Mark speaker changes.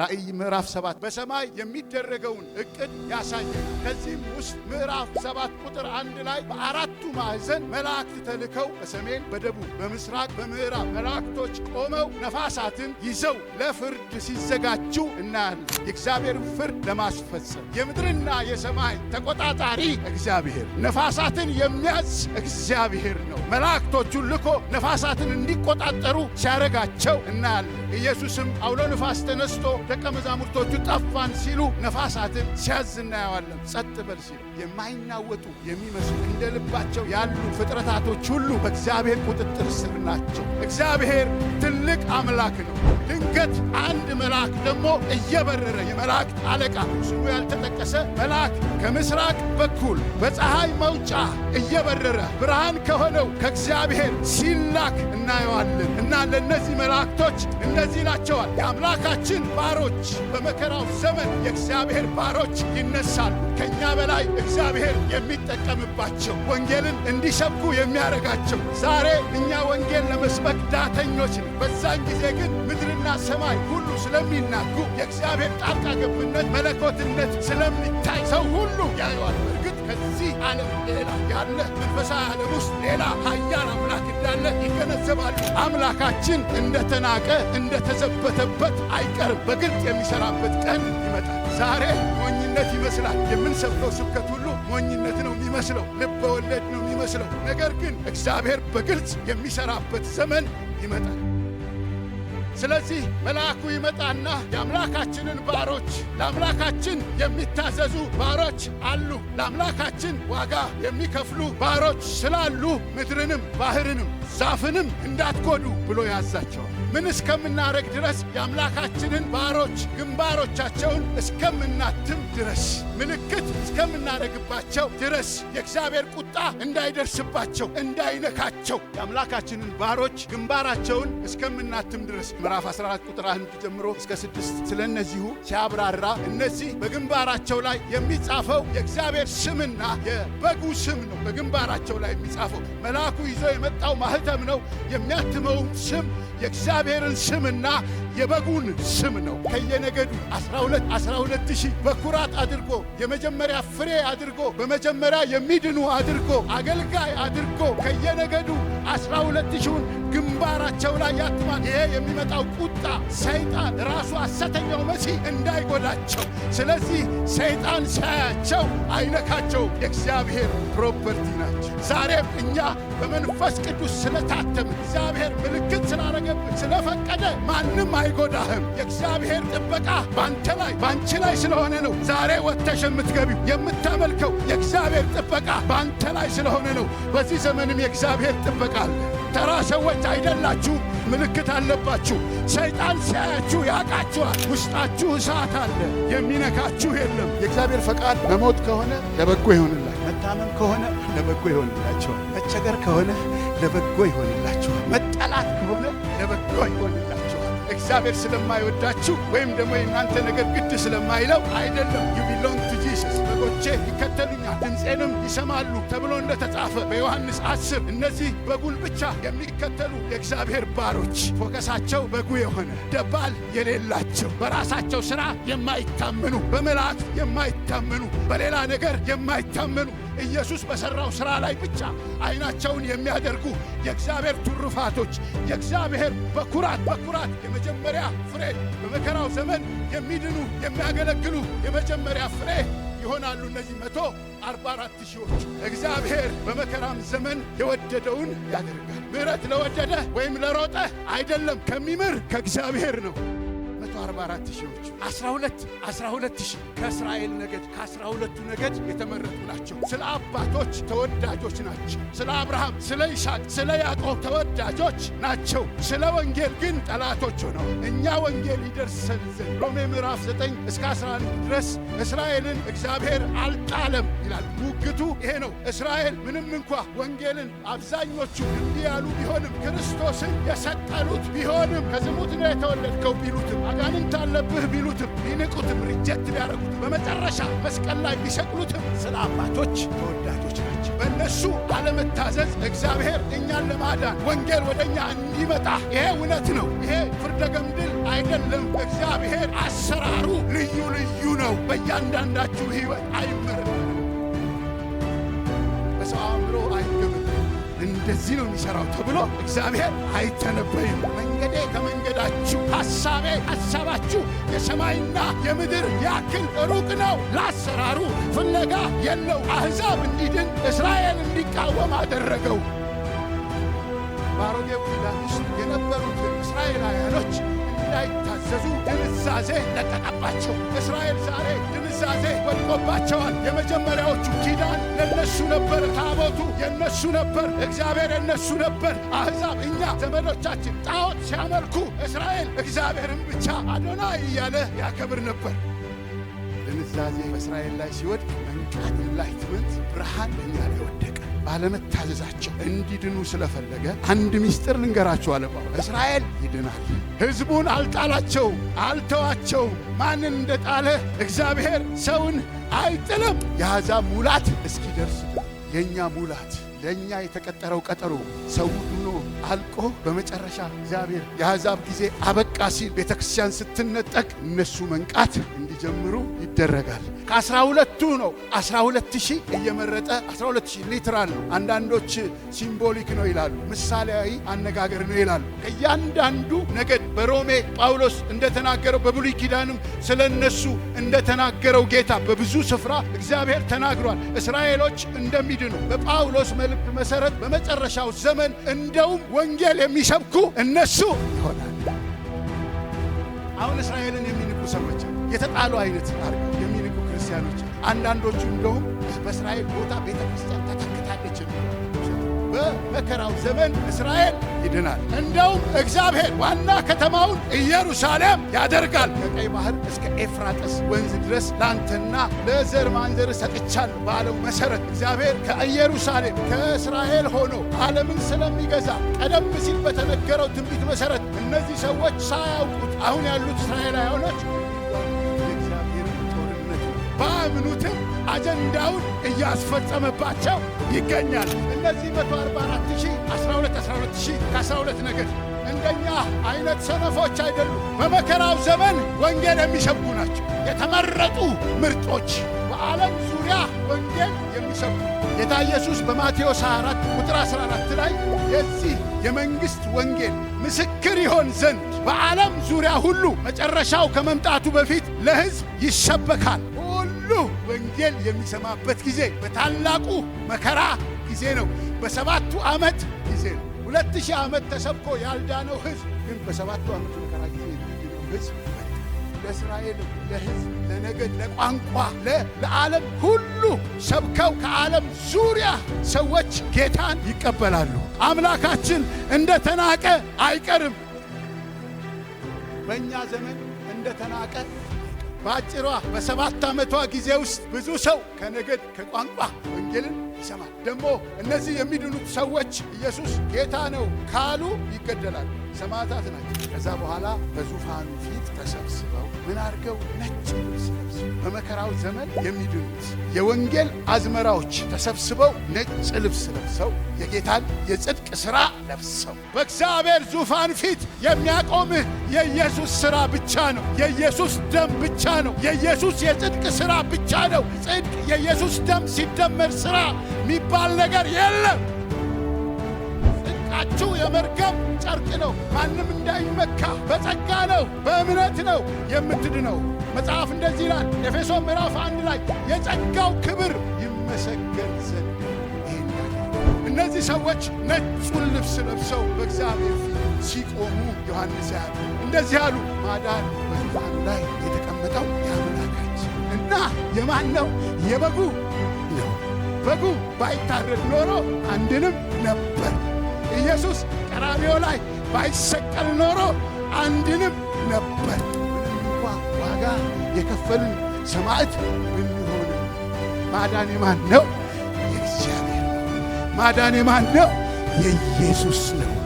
Speaker 1: ራእይ ምዕራፍ ሰባት በሰማይ የሚደረገውን እቅድ ያሳያል። ከዚህም ውስጥ ምዕራፍ ሰባት ቁጥር አንድ ላይ በአራቱ ማዕዘን መላእክት ተልከው በሰሜን፣ በደቡብ፣ በምስራቅ፣ በምዕራብ መላእክቶች ቆመው ነፋሳትን ይዘው ለፍርድ ሲዘጋጁ እናያለን። የእግዚአብሔርን ፍርድ ለማስፈጸም የምድርና የሰማይ ተቆጣጣሪ እግዚአብሔር፣ ነፋሳትን የሚያዝ እግዚአብሔር ነው። መላእክቶቹን ልኮ ነፋሳትን እንዲቆጣጠሩ ሲያደርጋቸው እናያለን። ኢየሱስም አውሎ ንፋስ ተነስቶ ደቀ መዛሙርቶቹ ጠፋን ሲሉ ነፋሳትን ሲያዝ እናየዋለን። ጸጥ በል ሲሉ የማይናወጡ የሚመስሉ እንደ ልባቸው ያሉ ፍጥረታቶች ሁሉ በእግዚአብሔር ቁጥጥር ስር ናቸው። እግዚአብሔር ትልቅ አምላክ ነው። ድንገት አንድ መልአክ ደግሞ እየበረረ የመላእክት አለቃ ስሙ ያልተጠቀሰ መልአክ ከምስራቅ በኩል በፀሐይ መውጫ እየበረረ ብርሃን ከሆነው ከእግዚአብሔር ሲላክ እናየዋለን እና ለእነዚህ መላእክቶች እንደዚህ ይላቸዋል የአምላካችን ባሮች በመከራው ዘመን የእግዚአብሔር ባሮች ይነሳሉ። ከእኛ በላይ እግዚአብሔር የሚጠቀምባቸው ወንጌልን እንዲሰብኩ የሚያደርጋቸው። ዛሬ እኛ ወንጌል ለመስበክ ዳተኞች ነው። በዛን ጊዜ ግን ምድርና ሰማይ ሁሉ ስለሚናጉ የእግዚአብሔር ጣልቃ ገብነት መለኮትነት ስለሚታይ ሰው ሁሉ ያየዋል። ከዚህ ዓለም ሌላ ያለ መንፈሳዊ ዓለም ውስጥ ሌላ ኃያል አምላክ እንዳለ ይገነዘባሉ። አምላካችን እንደተናቀ እንደተዘበተበት አይቀርም። በግልጽ የሚሰራበት ቀን ይመጣል። ዛሬ ሞኝነት ይመስላል። የምንሰብከው ስብከት ሁሉ ሞኝነት ነው የሚመስለው፣ ልብ ወለድ ነው የሚመስለው። ነገር ግን እግዚአብሔር በግልጽ የሚሰራበት ዘመን ይመጣል። ስለዚህ መልአኩ ይመጣና የአምላካችንን ባሮች ለአምላካችን የሚታዘዙ ባሮች አሉ፣ ለአምላካችን ዋጋ የሚከፍሉ ባሮች ስላሉ ምድርንም ባህርንም ዛፍንም እንዳትጎዱ ብሎ ያዛቸዋል። ምን እስከምናረግ ድረስ የአምላካችንን ባሮች ግንባሮቻቸውን እስከምናትም ድረስ ምልክት እስከምናደርግባቸው ድረስ የእግዚአብሔር ቁጣ እንዳይደርስባቸው እንዳይነካቸው የአምላካችንን ባሮች ግንባራቸውን እስከምናትም ድረስ ምዕራፍ 14 ቁጥር 1 ጀምሮ እስከ 6 ስለ እነዚሁ ሲያብራራ እነዚህ በግንባራቸው ላይ የሚጻፈው የእግዚአብሔር ስምና የበጉ ስም ነው። በግንባራቸው ላይ የሚጻፈው መልአኩ ይዘው የመጣው ማህተም ነው። የሚያትመውም ስም የእግዚአብሔርን ስምና የበጉን ስም ነው። ከየነገዱ 12 12 ሺህ በኩራት አድርጎ የመጀመሪያ ፍሬ አድርጎ በመጀመሪያ የሚድኑ አድርጎ አገልጋይ አድርጎ ከየነገዱ 12 ሺውን ግንባራቸው ላይ ያትማል። ይሄ የሚመጣው ቁጣ ሰይጣን ራሱ ሐሰተኛው መሲህ እንዳይጎዳቸው። ስለዚህ ሰይጣን ሳያቸው አይነካቸው የእግዚአብሔር ፕሮፐርቲ ናቸው። ዛሬም እኛ በመንፈስ ቅዱስ ስለታተም እግዚአብሔር ምልክት ስላረገብን ስለፈቀደ ማንም አይጎዳህም። የእግዚአብሔር ጥበቃ ባንተ ላይ ባንቺ ላይ ስለሆነ ነው። ዛሬ ወጥተሽ የምትገቢው የምታመልከው የእግዚአብሔር ጥበቃ ባንተ ላይ ስለሆነ ነው። በዚህ ዘመንም የእግዚአብሔር ጥበቃ አለ። ተራ ሰዎች አይደላችሁ ምልክት አለባችሁ። ሰይጣን ሲያያችሁ ያውቃችኋል። ውስጣችሁ እሳት አለ፣ የሚነካችሁ የለም። የእግዚአብሔር ፈቃድ መሞት ከሆነ ለበጎ ይሆንላል። መታመም ከሆነ ለበጎ ይሆንላቸዋል። መቸገር ከሆነ ለበጎ ይሆንላቸዋል። መጠላት ከሆነ ለበጎ ይሆንላቸዋል። እግዚአብሔር ስለማይወዳችሁ ወይም ደግሞ የእናንተ ነገር ግድ ስለማይለው አይደለም። ዩ ቢሎንግ ቱ ጂሰስ በጎቼ ይከተሉኛል ድምፄንም ይሰማሉ ተብሎ እንደተጻፈ በዮሐንስ አስር እነዚህ በጉን ብቻ የሚከተሉ የእግዚአብሔር ባሮች ፎከሳቸው በጉ የሆነ ደባል የሌላቸው በራሳቸው ሥራ የማይታመኑ በመልአክ የማይታመኑ በሌላ ነገር የማይታመኑ ኢየሱስ በሠራው ሥራ ላይ ብቻ ዐይናቸውን የሚያደርጉ የእግዚአብሔር ትሩፋቶች፣ የእግዚአብሔር በኩራት በኩራት የመጀመሪያ ፍሬ በመከራው ዘመን የሚድኑ የሚያገለግሉ የመጀመሪያ ፍሬ ይሆናሉ። እነዚህ መቶ አርባ አራት ሺዎች እግዚአብሔር በመከራም ዘመን የወደደውን ያደርጋል። ምሕረት ለወደደ ወይም ለሮጠ አይደለም፣ ከሚምር ከእግዚአብሔር ነው። አርባ አራት ሺዎች አስራ ሁለት አስራ ከእስራኤል ነገድ ከአስራ ሁለቱ ነገድ የተመረጡ ናቸው። ስለ አባቶች ተወዳጆች ናቸው። ስለ አብርሃም፣ ስለ ይስሐቅ፣ ስለ ያዕቆብ ተወዳጆች ናቸው። ስለ ወንጌል ግን ጠላቶች ሆነው እኛ ወንጌል ይደርሰን ዘንድ ሮሜ ምዕራፍ 9 እስከ 11 ድረስ እስራኤልን እግዚአብሔር አልጣለም ይላል። ሙግቱ ይሄ ነው። እስራኤል ምንም እንኳ ወንጌልን አብዛኞቹ እንዲህ ያሉ ቢሆንም ክርስቶስን የሰጠሉት ቢሆንም ከዝሙት ነው የተወለድከው ቢሉትም አጋንንት አለብህ ቢሉትም ሊንቁትም ሪጀክት ቢያደርጉት በመጨረሻ መስቀል ላይ ቢሰቅሉትም ስለ አባቶች ተወዳጆች ናቸው። በእነሱ አለመታዘዝ እግዚአብሔር እኛን ለማዳን ወንጌል ወደ እኛ እንዲመጣ ይሄ እውነት ነው። ይሄ ፍርደ ገምድል አይደለም። እግዚአብሔር አሰራሩ ልዩ ልዩ ነው። በእያንዳንዳችሁ ሕይወት አይመርም። በሰው አእምሮ እንደዚህ ነው የሚሠራው ተብሎ እግዚአብሔር አይተነበይም። መንገዴ ከመንገዳችሁ ሐሳቤ ሐሳባችሁ የሰማይና የምድር ያክል ሩቅ ነው። ለአሰራሩ ፍለጋ የለው። አሕዛብ እንዲድን እስራኤል እንዲቃወም አደረገው። ባሮጌ ኪዳን ውስጥ የነበሩትን እስራኤላውያኖች እንዳይታዘዙ ድንዛዜ ነጠቀባቸው። እስራኤል ዛሬ ድንዛዜ ወድቆባቸዋል። የመጀመሪያዎቹ ኪዳን ለነሱ ነበር፣ ታቦቱ የነሱ ነበር፣ እግዚአብሔር የነሱ ነበር። አሕዛብ እኛ ዘመዶቻችን ጣዖት ሲያመልኩ፣ እስራኤል እግዚአብሔርን ብቻ አዶና እያለ ያከብር ነበር። ድንዛዜ በእስራኤል ላይ ሲወድቅ መንቃት፣ ኢንላይትመንት ብርሃን እኛ ላይ ወደቀ። ባለመታዘዛቸው እንዲድኑ ስለፈለገ አንድ ምስጢር ልንገራቸው አለ ጳውሎስ። እስራኤል ይድናል። ሕዝቡን አልጣላቸው፣ አልተዋቸው። ማንን እንደጣለ እግዚአብሔር ሰውን አይጥልም። የአሕዛብ ሙላት እስኪደርስ የእኛ ሙላት ለእኛ የተቀጠረው ቀጠሮ ሰው ድኖ አልቆ በመጨረሻ እግዚአብሔር የአሕዛብ ጊዜ አበቃ ሲል ቤተ ክርስቲያን ስትነጠቅ እነሱ መንቃት እንዲጀምሩ ይደረጋል። ከአስራ ሁለቱ ነው አስራ ሁለት ሺህ እየመረጠ አስራ ሁለት ሺህ ሊትራል ነው። አንዳንዶች ሲምቦሊክ ነው ይላሉ፣ ምሳሌያዊ አነጋገር ነው ይላሉ። ከእያንዳንዱ ነገድ በሮሜ ጳውሎስ እንደተናገረው በብሉይ ኪዳንም ስለ እነሱ እንደተናገረው ጌታ በብዙ ስፍራ እግዚአብሔር ተናግሯል። እስራኤሎች እንደሚድኑ በጳውሎስ መልእክት መሰረት በመጨረሻው ዘመን እንደውም ወንጌል የሚሰብኩ እነሱ ይሆናል። አሁን እስራኤልን የሚንቁ ሰዎች የተጣሉ አይነት አርገ ክርስቲያኖች አንዳንዶቹ እንደውም በእስራኤል ቦታ ቤተ ክርስቲያን ተተክታለች በመከራው ዘመን እስራኤል ይድናል። እንደውም እግዚአብሔር ዋና ከተማውን ኢየሩሳሌም ያደርጋል። ከቀይ ባህር እስከ ኤፍራጥስ ወንዝ ድረስ ላንተና ለዘር ማንዘር ሰጥቻል ባለው መሰረት እግዚአብሔር ከኢየሩሳሌም ከእስራኤል ሆኖ ዓለምን ስለሚገዛ ቀደም ሲል በተነገረው ትንቢት መሰረት እነዚህ ሰዎች ሳያውቁት አሁን ያሉት እስራኤላውያኖች ባያምኑትም አጀንዳውን እያስፈጸመባቸው ይገኛል። እነዚህ 144 ሺህ 12 12 ሺህ ከ12 ነገድ እንደኛ አይነት ሰነፎች አይደሉም። በመከራው ዘመን ወንጌል የሚሰብኩ ናቸው። የተመረጡ ምርጦች በዓለም ዙሪያ ወንጌል የሚሰብኩ ጌታ ኢየሱስ በማቴዎስ 24 ቁጥር 14 ላይ የዚህ የመንግሥት ወንጌል ምስክር ይሆን ዘንድ በዓለም ዙሪያ ሁሉ መጨረሻው ከመምጣቱ በፊት ለሕዝብ ይሰበካል ሁሉ ወንጌል የሚሰማበት ጊዜ በታላቁ መከራ ጊዜ ነው። በሰባቱ ዓመት ጊዜ ነው። ሁለት ሺህ ዓመት ተሰብኮ ያልዳነው ሕዝብ ግን በሰባቱ ዓመት መከራ ጊዜ የሚድነው ሕዝብ ለእስራኤል፣ ለሕዝብ፣ ለነገድ፣ ለቋንቋ፣ ለዓለም ሁሉ ሰብከው ከዓለም ዙሪያ ሰዎች ጌታን ይቀበላሉ። አምላካችን እንደተናቀ አይቀርም። በእኛ ዘመን እንደተናቀ በአጭሯ በሰባት ዓመቷ ጊዜ ውስጥ ብዙ ሰው ከነገድ ከቋንቋ ወንጌልን ይሰማል። ደግሞ እነዚህ የሚድኑት ሰዎች ኢየሱስ ጌታ ነው ካሉ ይገደላሉ፣ ሰማዕታት ናቸው። ከዛ በኋላ በዙፋኑ ፊት ተሰብስበ ምን አድርገው ነጭ ልብስ ለብሰው በመከራው ዘመን የሚድኑት የወንጌል አዝመራዎች ተሰብስበው ነጭ ልብስ ለብሰው የጌታን የጽድቅ ሥራ ለብሰው በእግዚአብሔር ዙፋን ፊት የሚያቆምህ የኢየሱስ ሥራ ብቻ ነው። የኢየሱስ ደም ብቻ ነው። የኢየሱስ የጽድቅ ሥራ ብቻ ነው። ጽድቅ የኢየሱስ ደም ሲደመር ሥራ የሚባል ነገር የለም። ምቹ የመርከብ ጨርቅ ነው። ማንም እንዳይመካ በጸጋ ነው፣ በእምነት ነው የምትድነው። መጽሐፍ እንደዚህ ይላል ኤፌሶን ምዕራፍ አንድ ላይ የጸጋው ክብር ይመሰገን ዘንድ እነዚህ ሰዎች ነጩን ልብስ ለብሰው በእግዚአብሔር ሲቆሙ ዮሐንስ ያሉ እንደዚህ አሉ፣ ማዳን በዙፋኑ ላይ የተቀመጠው የአምላካችን እና የማን ነው? የበጉ ነው። በጉ ባይታረድ ኖሮ አንድንም ነበር ኢየሱስ ቀራንዮ ላይ ባይሰቀል ኖሮ አንድንም ነበር። እንኳ ዋጋ የከፈልን ሰማዕት ብንሆን ማዳን የማን ነው? የእግዚአብሔር ነው። ማዳን የማን ነው? የኢየሱስ ነው።